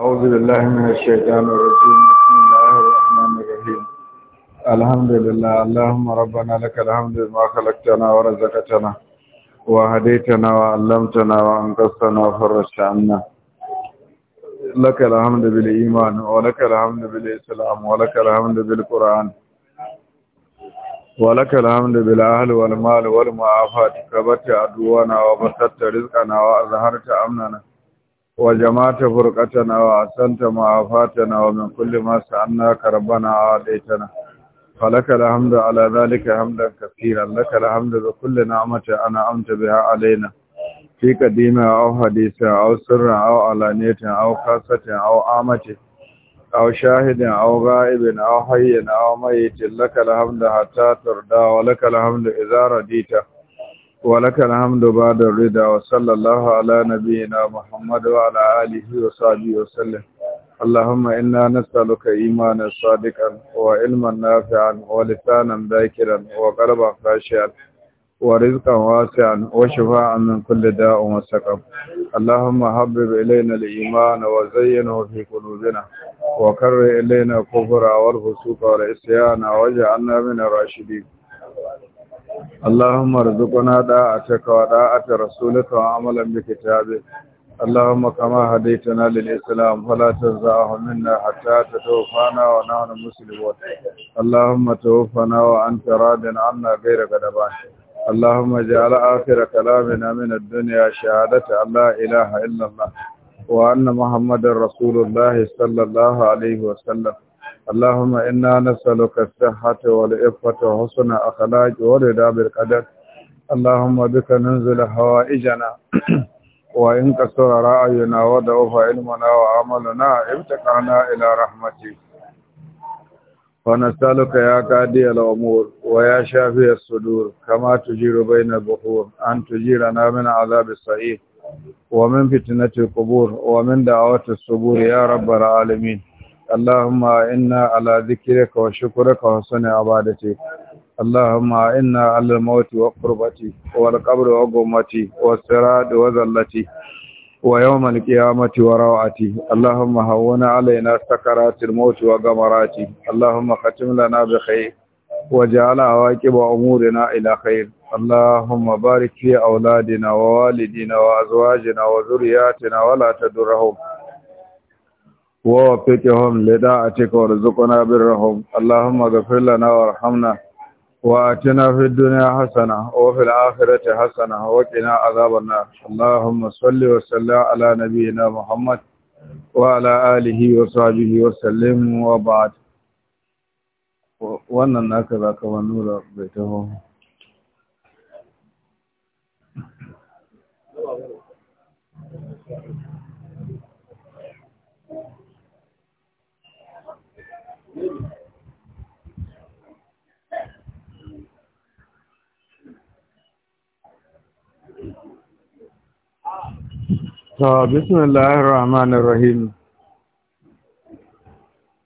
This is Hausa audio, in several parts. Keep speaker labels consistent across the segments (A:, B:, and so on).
A: أعوذ بالله من الشيطان الرجيم بسم الله الرحمن الرحيم الحمد لله اللهم ربنا لك الحمد ما خلقتنا ورزقتنا وهديتنا وعلمتنا وانقصتنا وفرشتنا لك الحمد بالإيمان ولك الحمد بالإسلام ولك الحمد بالقرآن ولك الحمد بالأهل والمال والمعافات كبت عدونا وبسطت رزقنا وأظهرت أمننا وجمعت فرقتنا وأحسنت معافاتنا ومن كل ما سألناك ربنا عاديتنا فلك الحمد على ذلك حمدا كثيرا لك الحمد بكل نعمة أنا أنعمت بها علينا في قديمة أو حديثة أو سر أو علانية أو خاصة أو عامة أو شاهد أو غائب أو حي أو ميت لك الحمد حتى ترضى ولك الحمد إذا رديته ولك الحمد بعد الرضا وصلى الله على نبينا محمد وعلى آله وصحبه وسلم اللهم إنا نسألك إيمانا صادقا وعلما نافعا ولسانا ذاكرا وقلبا خاشعا ورزقا واسعا وشفاعا من كل داء وسقم اللهم حبب إلينا الإيمان وزينه في قلوبنا وكر إلينا الكفر والفسوق والعصيان واجعلنا من الراشدين اللهم ارزقنا داعتك وداعة رسولك وعملا بكتابك اللهم كما هديتنا للإسلام فلا تنزعه منا حتى تتوفانا ونحن مسلمون اللهم توفنا وأنت راد عنا غير غضبان اللهم اجعل آخر كلامنا من الدنيا شهادة أن لا إله إلا الله وأن محمد رسول الله صلى الله عليه وسلم اللهم إنا نسألك الصحة والإفة وحسن أخلاج ورضا بالقدر اللهم بك ننزل حوائجنا وإن كسر رأينا وضعف علمنا وعملنا ابتقعنا إلى رحمتك ونسألك يا قاضي الأمور ويا شافي الصدور كما تجير بين البحور أن تجيرنا من عذاب الصعيد ومن فتنة القبور ومن دعوة الصبور يا رب العالمين اللهم إنا على ذكرك وشكرك وحسن عبادتك اللهم إنا على الموت وقربتي والقبر وقومتي والسراد وذلتي ويوم القيامة وروعتي اللهم هون علينا سكرات الموت وقمراتي اللهم ختم لنا بخير وجعل عواقب أمورنا إلى خير اللهم بارك في أولادنا ووالدينا وأزواجنا وذرياتنا ولا تدرهم ووفقهم لداعتك وارزقنا برهم اللهم اغفر لنا وارحمنا واتنا في الدنيا حسنة وفي الآخرة حسنة وقنا عذاب النار اللهم صل وسلم على نبينا محمد وعلى آله وصحبه وسلم وبعد wannan naka za ka ba nura bai taho Thank To, bismillahir rahmanir rahim.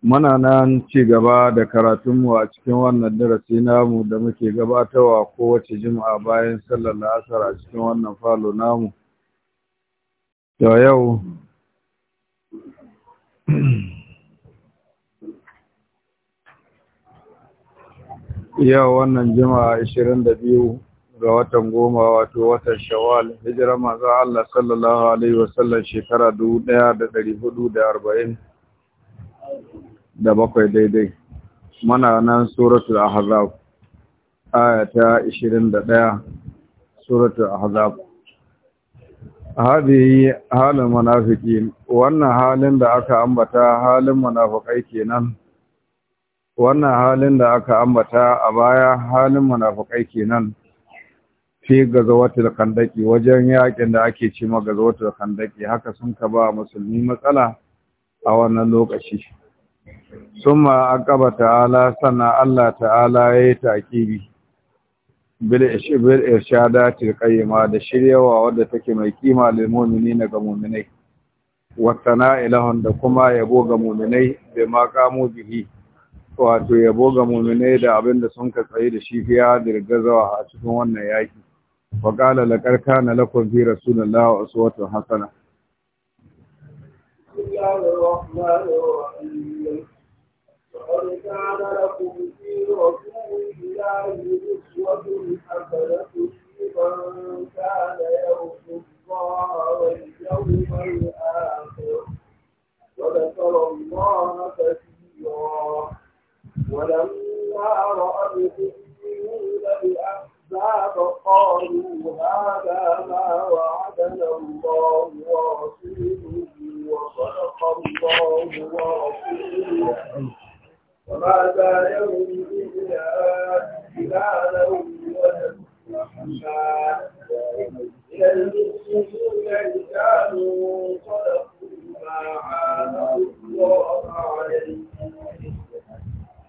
A: Muna nan ci gaba da karatunmu a cikin wannan darasi namu da muke gabatarwa kowace juma'a bayan sallar asar a cikin wannan falo namu. To yau yau wannan ishirin da biyu ga watan goma wato watan shawwal hijira manzo Allah sallallahu alaihi wasallam shekara daya da da da arba'in bakwai daidai mana nan suratul ahzab aya ta daya suratul ahzab hadi halin munafiqin wannan halin da aka ambata halin munafikai kenan wannan halin da aka ambata a baya halin munafukai kenan fi gazawatul kandaki wajen yakin da ake ce ma gazawatul kandaki haka sun ka ba musulmi matsala a wannan lokaci summa aqaba ta'ala sanna Allah ta'ala yayi taqibi bil ishbil irshadatil qayyima da shiryawa wadda take mai kima lil mu'minina ga mu'minai wa ilahun da kuma yabo ga mu'minai bai ma kamo bihi wato yabo ga muminai da abin da sun ka tsaye da shi fiya da gazawa a cikin wannan yaki wa la laqad kana lakum fi wa uswatun hasana
B: وذكر الله كثيرا ولما رأى المسلمون الأحزاب قالوا هذا ما وعدنا الله ورسوله وصدق الله ورسوله وما زالهم إلا إلانا ونسمعنا إلى المسلمون رجال صدقوا ما عاهدوا الله عليه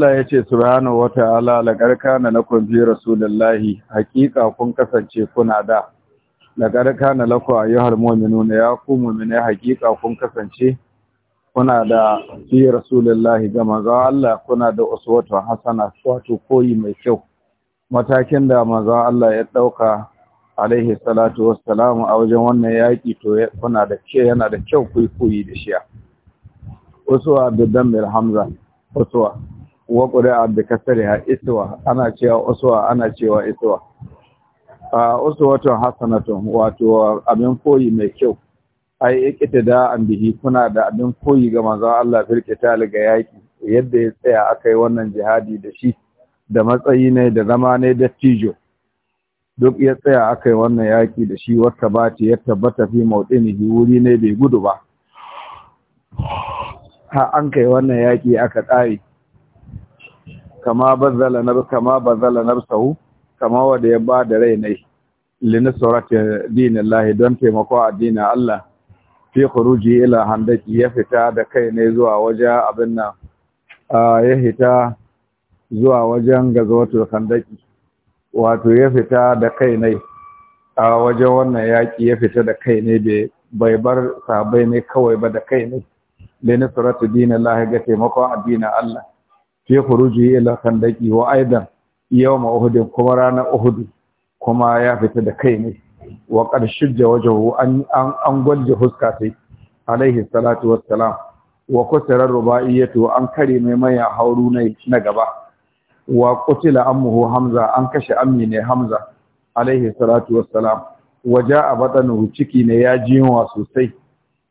A: Allah ya ce subhanahu wa ta'ala laƙar kana lakon bi rasulullahi hakika kun kasance kuna da laƙar kana lakon ayyuhar mu'minuna ya ku mu'mina hakika kun kasance kuna da bi rasulullahi ga manzo Allah kuna da uswatu hasana wato koyi mai kyau matakin da manzo Allah ya dauka alaihi salatu wassalamu a wajen wannan yaki to kuna da ce yana da kyau kuyi koyi da shi uswa da mir hamza uswa wa ƙuri'a da kasariya iswa ana cewa uswa ana cewa iswa a uswatun hasanatun wato abin koyi mai kyau ai da an bihi kuna da abin koyi ga manzon Allah fil qital ga yaki yadda ya tsaya akai wannan jihadi da shi da matsayi ne da zama ne da tijo duk ya tsaya akai wannan yaki da shi wata bati ya tabbata fi mauɗinihi wuri ne bai gudu ba ha an kai wannan yaki aka tsari kama bazzala na kama bazala nafsahu kama wanda ya ba da rai ne linasrati dinillahi don taimako addinin Allah fi khuruji ila handaki ya fita da kai ne zuwa waje abin nan ya hita zuwa wajen gazawatul handaki wato ya fita da kai ne a wajen wannan yaki ya fita da kai ne bai bar sabai ne kawai ba da kai ne linasrati dinillahi ga taimakon addinin Allah fi khuruji ila khandaqi wa aidan yawma uhud kuma ranar Ohudu, kuma ya fita da kai ne wa qad shujja wajhu an an an gwalje huska sai alaihi salatu wassalam wa iya rubaiyatu an kare mai maya hauru na gaba wa qutila ammuhu hamza an kashe ammi ne hamza alaihi salatu wassalam waja a batsanuhu ciki ne ya ji yunwa sosai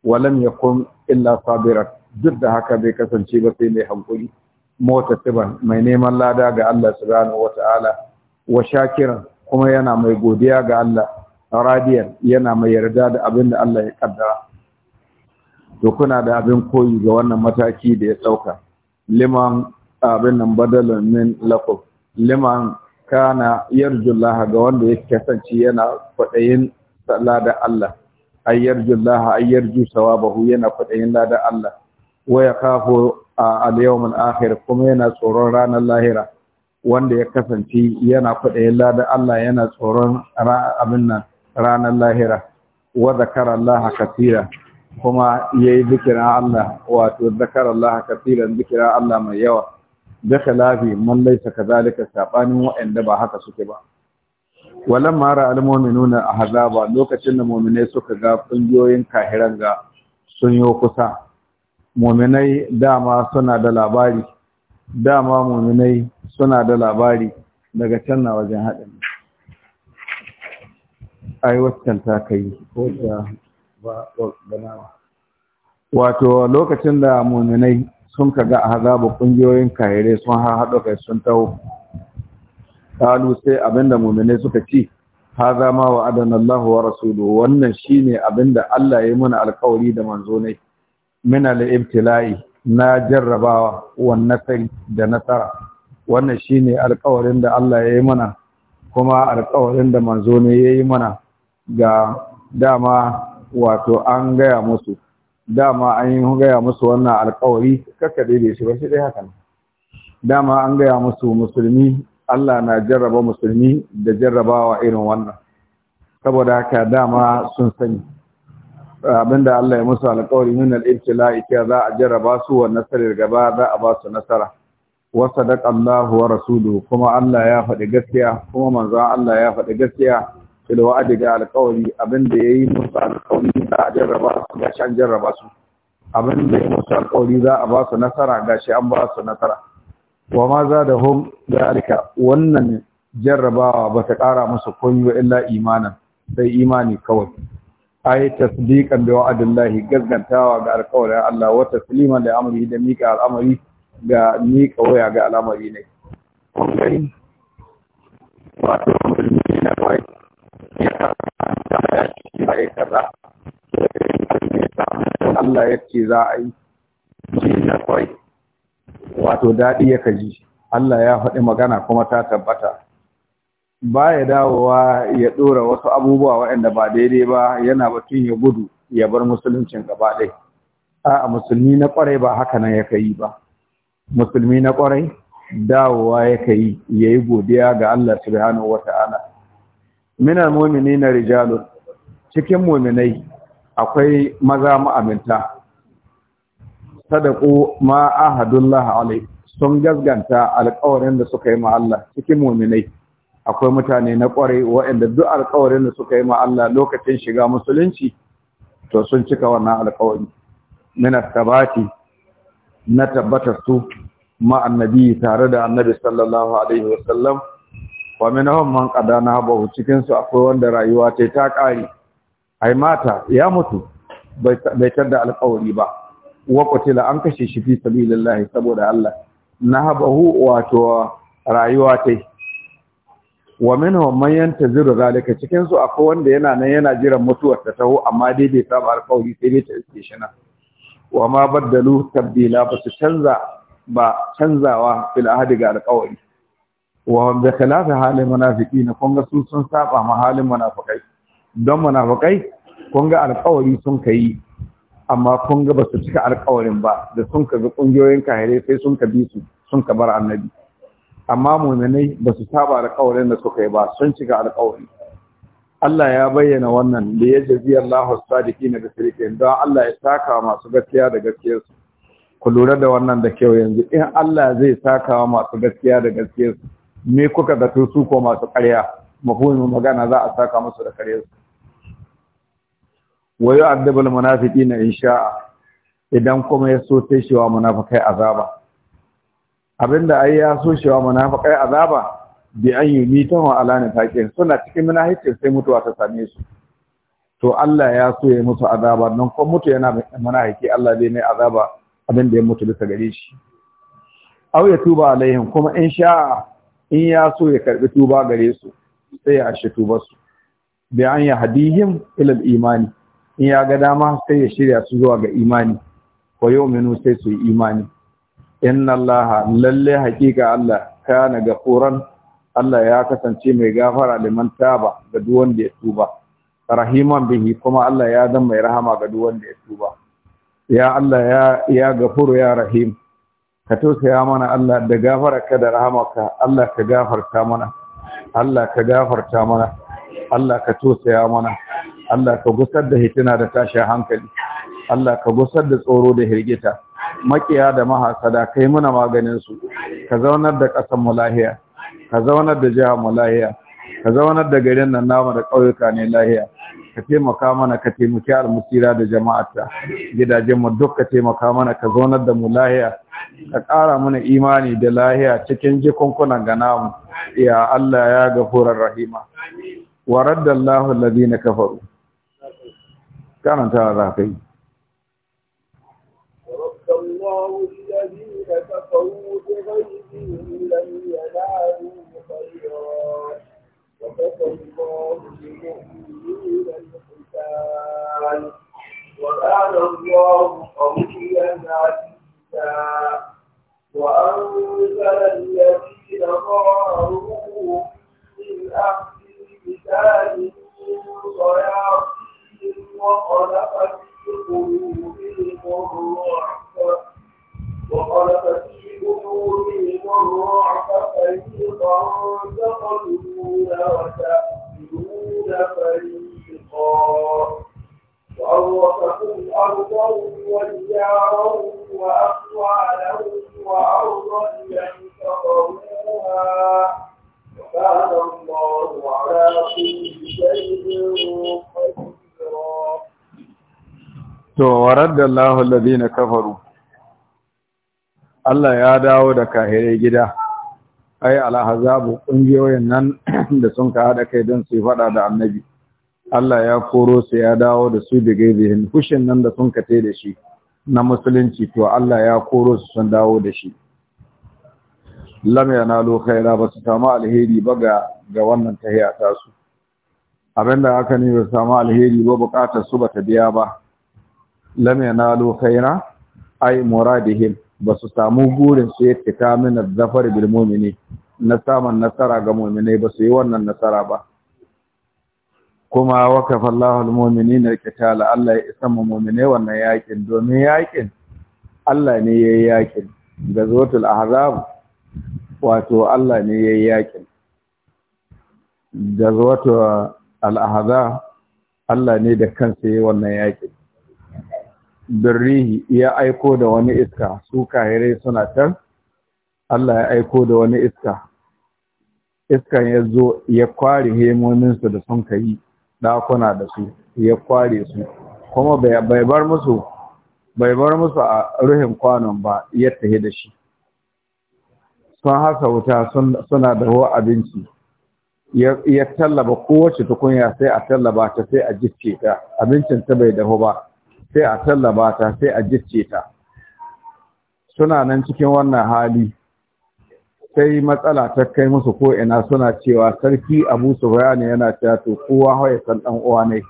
A: walam kun illa sabirar? duk da haka bai kasance ba sai mai hankuri Mota mutatiban mai neman lada ga Allah subhanahu wata'ala wa shakiran kuma yana mai godiya ga Allah radiyan yana mai yarda da abin da Allah ya kaddara to kuna da abin koyi ga wannan mataki da ya dauka liman abin nan badalan min lakum liman kana yarjullaha ga wanda ya kasance yana kwadayin lada Allah ayyarju Allah ayyarju sawabahu yana kwadayin lada Allah Waya yakhafu a al-yawmul akhir kuma yana tsoron ranar lahira wanda ya kasance yana kwaɗayin ladan Allah yana tsoron abin nan ranar lahira wa zakara Allah katira kuma yayi zikira Allah wato zakara Allah katira zikira Allah mai yawa da khilafi man laysa kadhalika sabanin wa'anda ba haka suke ba walamma ra'al mu'minuna ahzaba lokacin da mu'minai suka ga kungiyoyin kahiran ga sun yi kusa muminai dama suna da labari dama muminai suna da labari daga can na wajen haɗin ai ta kai ko da ba wato lokacin da muminai sun kaga a hazabu ƙungiyoyin kayere sun haɗo kai sun taho kalu sai abinda muminai suka ci haza ma wa adana Allah wa rasulu wannan shine abinda Allah ya yi mana alkawari da manzo ne min al-ibtila'i na jarrabawa wan nasari da nasara wannan shine alƙawarin da Allah ya yi mana kuma alƙawarin da manzo ne ya yi mana ga dama wato an gaya musu dama an yi gaya musu wannan alƙawari kakka da shi ba shi dai haka dama an gaya musu musulmi Allah na jarraba musulmi da jarrabawa irin wannan saboda haka dama sun sani abinda Allah ya musu alƙawari min al-ibtila'i ke za a jaraba su wa nasarar gaba za a ba su nasara wa sadaqa Allahu wa rasuluhu kuma Allah ya faɗi gaskiya kuma manzo Allah ya faɗi gaskiya fil wa'adi ga alƙawari abinda yayi musu alƙawari za a jaraba su ga shan jarraba su abinda yayi musu alƙawari za a ba su nasara ga shi an ba su nasara wa ma za da da zalika wannan jarrabawa ba ta ƙara musu koyo illa imanan sai imani kawai Ai tasdiqan bi wa'dillahi gaskantawa ga alƙawari Allah wa tasliman da amri da mika al'amari ga mika waya ga al'amari ne
B: wato na ba
A: Allah ya ce za a yi wato daɗi ya kaji Allah ya faɗi magana kuma ta tabbata ba ya dawowa ya ɗora wasu abubuwa waɗanda ba daidai ba yana batun ya gudu ya bar musuluncin gaba ɗai a musulmi na ƙwarai ba haka nan ya kai ba musulmi na ƙwarai dawowa ya kai ya yi godiya ga Allah subhanahu wa ta'ala minar momini na rijalun cikin mominai akwai maza ma'aminta sadaku ma ahadullah alai sun gasganta alƙawarin da suka yi ma Allah cikin mominai akwai mutane na kwarai waɗanda duk alƙawarin da suka yi ma Allah lokacin shiga musulunci to sun cika wannan alƙawari min tabati na tabbatar su ma annabi tare da annabi sallallahu alaihi wasallam wa minhum man qada nahabahu cikin su akwai wanda rayuwa ta ta kare ai mata ya mutu bai tada alƙawari ba wa qutila an kashe shi fi sabilillah saboda Allah nahabahu wato rayuwa ta wa min ta man yantaziru zalika cikin su akwai wanda yana nan yana jiran mutuwar ta taho amma dai bai saba alƙawari sai dai ta iske shi nan wa ma baddalu tabdila ba su canza ba canzawa fil ahadi ga alƙawari wa bi khilafi halin munafiqin kun ga sun sun saba ma halin munafiqai don munafiqai kun ga alƙawari sun kai amma kun ga ba su cika alƙawarin ba da sun ka ga kungiyoyin kahire sai sun ka bi su sun ka bar annabi amma muminai ba su saba alƙawarin da suka yi ba sun cika alƙawari Allah ya bayyana wannan da ya jazi Allahu sadiqina na sirqin don Allah ya saka masu gaskiya da gaskiyarsu ku lura da wannan da kyau yanzu in Allah zai saka masu gaskiya da gaskiyarsu me kuka ga su ko masu ƙarya mafhumin magana za a saka musu da su wa addabul munafiqina insha'a idan kuma ya so sai shi wa munafikai azaba abinda ai ya so shewa munafiqai azaba bi an yumita wa ala nifaqin suna cikin munafiki sai mutuwa ta same su to Allah ya so ya musu azaba nan ko mutu yana munafiki Allah zai mai azaba abinda ya mutu bisa gare shi aw ya tuba alaihim kuma in sha in ya so ya karbi tuba gare su sai ya ashe tubar su bi an ya hadihim ila imani in ya ga dama sai ya shirya su zuwa ga imani ko yau minu sai su yi imani inna allaha lalle hakika allah kana gafuran allah ya kasance mai gafara liman taba ga duk wanda ya tuba rahiman bihi kuma allah ya zama mai rahama ga duk wanda ya tuba ya allah ya ya gafuru ya rahim ka tausaya mana allah da gafara ka da rahamarka allah ka gafarta mana allah ka gafarta mana allah ka tausaya mana Allah ka gusar da hitina da tashin hankali Allah ka gusar da tsoro da hirgita makiya da mahasada kai muna maganin su ka zaunar da ƙasar mu lahiya ka zaunar da jihar mu lahiya ka zaunar da garin nan namu da ƙauyuka ne lahiya ka taimaka mana ka taimaki almusira da jama'ata mu duk ka taimaka mana ka zaunar da mu lahiya ka ƙara mana imani da lahiya cikin jikunkunan ga namu ya Allah ya gafurar rahima wa raddallahu alladhina kafaru karanta za ka الله
B: الذين كفروا بغيظهم لم ينالوا خيرا وكفى الله المؤمنين القتال وكان الله قويا عزيزا وأنزل الذين ظهروا من أهل الكتاب من صياصيهم وخلق في قلوبهم الرعب وخلق في الرعب فريقا تقتلون وتأكلون فريقا وأورثكم أرضهم وديارهم وأموالهم وأرضا لم تطروها وكان الله على كل شيء قديرا.
A: تو ورد الله الذين كفروا Allah ya dawo da kahirai gida ai alhazabu ƙungiyoyin nan da sun ka hada kai don su faɗa da annabi Allah ya koro su ya dawo da su da zihin kushin nan da sun ka tai da shi na musulunci to Allah ya koro su sun dawo da shi lam yanalu khaira ba su samu alheri ba ga ga wannan tahiya ta su da haka ne ba samu alheri ba bukatar su ba ta biya ba lam yanalu khaira ai muradihim ba su samu gurin su ya fita mini zafar bilmomi ne, na samun nasara ga mu'minai ba su yi wannan nasara ba kuma waka Allahu al na qitala Allah ya isa mu'minai wannan yakin domin yakin Allah ne ya yi yakin gazotul ahzab wato Allah ne ya yi yakin ga al ahzab Allah ne da kansa yi wannan yakin birrihi ya aiko da wani iska su kahirai suna can Allah ya aiko da wani iska iskan ya zo ya kware hemominsu da sun kayi dakuna da su ya kware su kuma bai bar musu bai bar musu a ruhin kwanon ba ya tahi da shi sun hasa wuta suna da ruwa abinci ya tallaba kowace tukunya sai a tallaba ta sai a jiske ta abincin ta bai dahu ba sai a tallaba ta sai a jicce ta suna nan cikin wannan hali sai matsala ta kai musu ko'ina suna cewa sarki Abu su bayani yana cewa to kowa hoye san dan uwa ne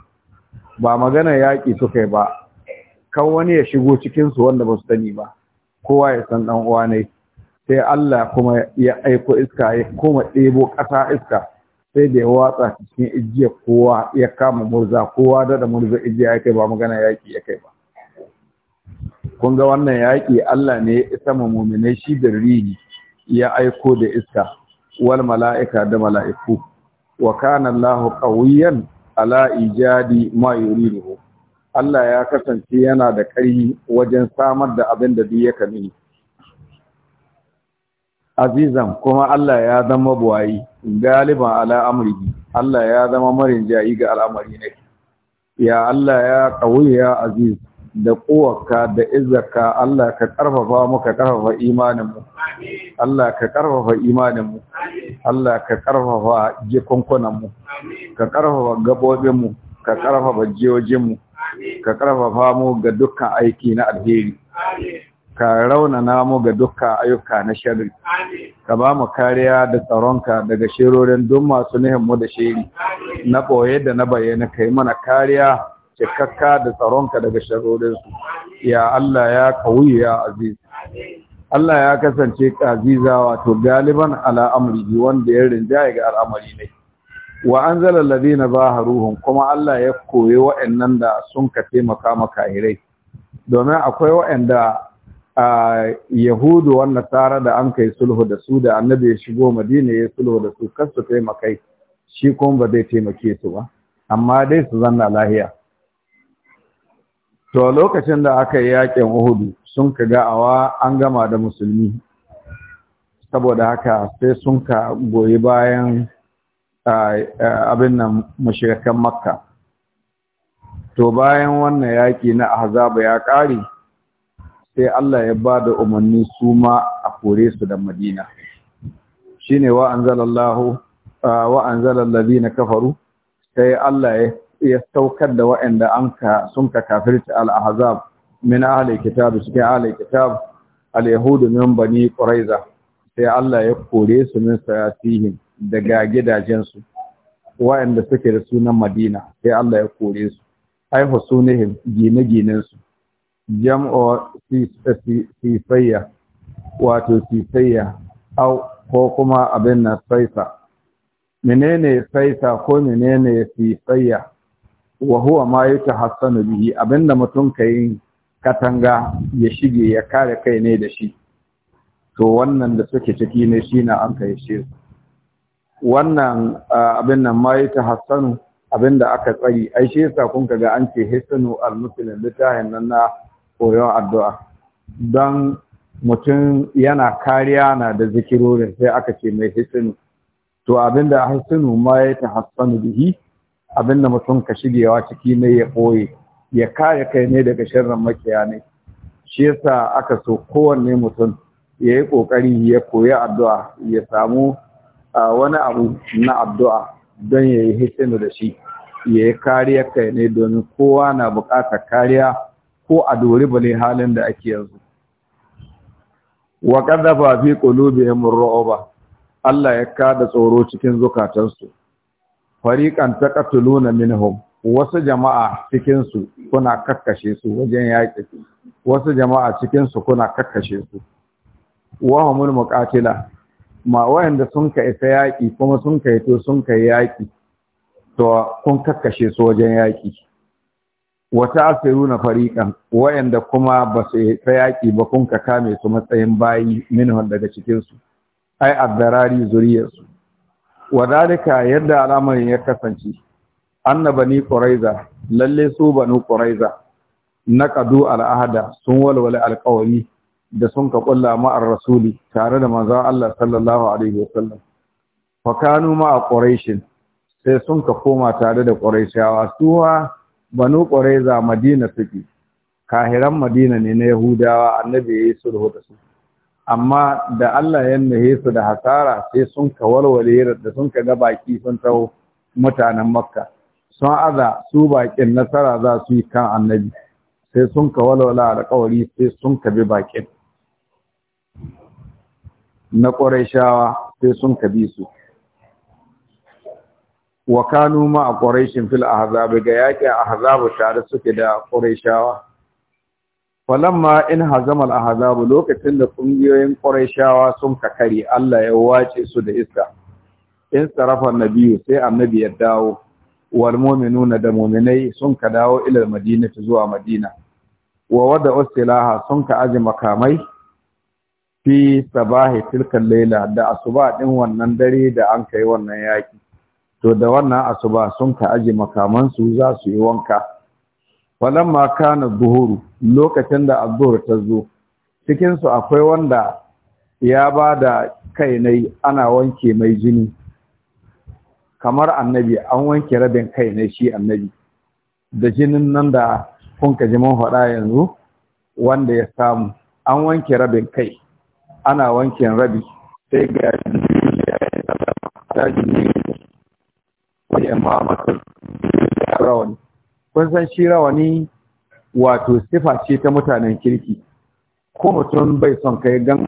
A: ba magana yaƙi suka yi ba kan wani ya shigo cikin su wanda ba su sani ba kowa ya san dan uwa ne sai Allah kuma ya aiko iska ya koma ɗebo ƙasa iska sai da ya watsa cikin igiya kowa ya kama murza kowa da da murza igiya ya kai ba magana yaƙi ya kai ba kun ga wannan yaƙi Allah ne ya isa ma muminai shi da rihi ya aiko da iska wal mala'ika da mala'iku wa kana Allahu qawiyan ala ijadi ma yuridu Allah ya kasance yana da ƙarfi wajen samar da abin da duk ya kamini azizan kuma Allah ya zama buwayi galiban ala amrihi Allah ya zama marin jayi ga al'amari ne ya Allah ya qawiy ya aziz da kowarka da izzarka Allah ka karfafa mu ka karfafa imaninmu Allah ka karfafa imaninmu Allah ka karfafa jikunkunanmu ka karfafa gabobinmu ka karfafa jiyojinmu ka karfafa mu ga dukkan aiki na alheri ka raunana mu ga dukka ayyuka na sharri ka ba mu kariya da tsaronka daga shirorin duk masu nihin mu da shiri na ɓoye da na bayyana ka yi mana kariya cikakka da tsaronka daga shirorinsu ya Allah ya kawuyi ya aziz Allah ya kasance ƙaziza wato galiban al'amari wanda ya rinjaye ga al'amari ne. Wa an zala ladina ruhun kuma Allah ya koyi wa'annan da sun ka taimaka makahirai. Domin akwai wa'anda a yahudu wannan tsara da an kai sulhu da su da annabi ya shigo madina ya sulhu da su kar su taimakai shi kuma ba zai taimake su ba amma dai su zanna lahiya to lokacin da aka yi yakin uhudu sun ka ga'awa an gama da musulmi saboda haka sai sun ka goyi bayan abin nan mashirkan makka to bayan wannan yaƙi na ahzaba ya ƙare sai Allah ya ba da umarni su ma a kore su da madina shi ne wa'anzalar na kafaru sai Allah ya saukar da wa'anda an ka sun ka kafirci al'ahazab min ahalai kitab cikin ahalai kitab al'yahudu min bani ƙuraiza sai Allah ya kore su min sayasihin daga gidajensu wa'anda suke da sunan madina sai Allah ya kore su ai sunihin gine-ginensu jam'o sifayya wato sifayya au ko kuma abin na saifa menene saifa ko menene sifayya wa huwa ma yatahassanu bihi abinda mutum kai katanga ya shige ya kare kai ne da shi to wannan da suke ciki ne shi na an kai shi wannan abin nan ma abin da aka tsari ai shi yasa kun kaga an ce hisanu al-muslim litahin nan na koyon addu'a don mutum yana kariya na da zikirorin sai aka ce mai hisinu to abinda hisinu ma ya ta hassanu bihi abinda mutum ka shigewa ciki ne ya koye ya kare kai ne daga shirin makiya ne shi yasa aka so kowanne mutum ya yi ƙoƙari ya koyi addu'a ya samu wani abu na addu'a don ya yi hisinu da shi ya yi kariya kai ne domin kowa na bukatar kariya ko a dori bale halin da ake yanzu wa qadhafa fi qulubihim ar-ru'ba Allah ya kada tsoro cikin zukatansu fariqan taqatuluna minhum wasu jama'a cikin su kuna kakkashe su wajen yaƙi wasu jama'a cikin su kuna kakkashe su wa humul muqatila ma wayanda sun ka isa yaƙi kuma sun kai to sun kai yaƙi to kun kakkashe su wajen yaƙi wata asiru na fariƙan wayanda kuma ba su ta yaƙi ba kun ka kame su matsayin bayi minhun daga cikinsu ai addarari zuriyarsu wadalika yadda al'amarin ya kasance annaba ni quraiza lalle su banu quraiza Naƙadu al'ahada sun walwala alƙawari da sun ka kulla ma'ar rasuli tare da manzo Allah sallallahu alaihi wasallam fa kanu ma'a ƙuraishin, sai sun ka koma tare da quraishawa suwa banu ƙwareza madina suke kahiran madina ne na yahudawa annabi ya yi sulhu da su amma da allah ya nahe su da hasara sai sun ka walwale da sun ka ga baki sun taho mutanen makka sun aza su bakin nasara za su yi kan annabi sai sun ka walwala da kawari sai sun ka bi bakin na ƙwarai shawa sai sun ka bi su wa kanu ma quraishin fil ahzab ga yaki ahzab tare suke da Falon ma in hazama a ahzab lokacin da kungiyoyin quraishawa sun kakari Allah ya wace su da iska in sarafa nabiyu sai annabi ya dawo wal mu'minuna da mu'minai sun ka dawo ila madinati zuwa madina wa wada usilaha sun ka aji makamai fi sabahi tilkan laila da asuba ɗin wannan dare da an kai wannan yaƙi. to da wannan asuba sun ka aje makamansu za su yi wanka ma kana duhuru lokacin da azhur ta zo Cikinsu akwai wanda ya ba da kai nai ana wanke mai jini kamar annabi an wanke rabin kai nai shi annabi da jinin nan da kun ka ji mun yanzu wanda ya samu an wanke rabin kai ana wankin rabi sai ga jini kun san shi rawani
B: wato sifa ce ta mutanen kirki ko mutum bai son kai gan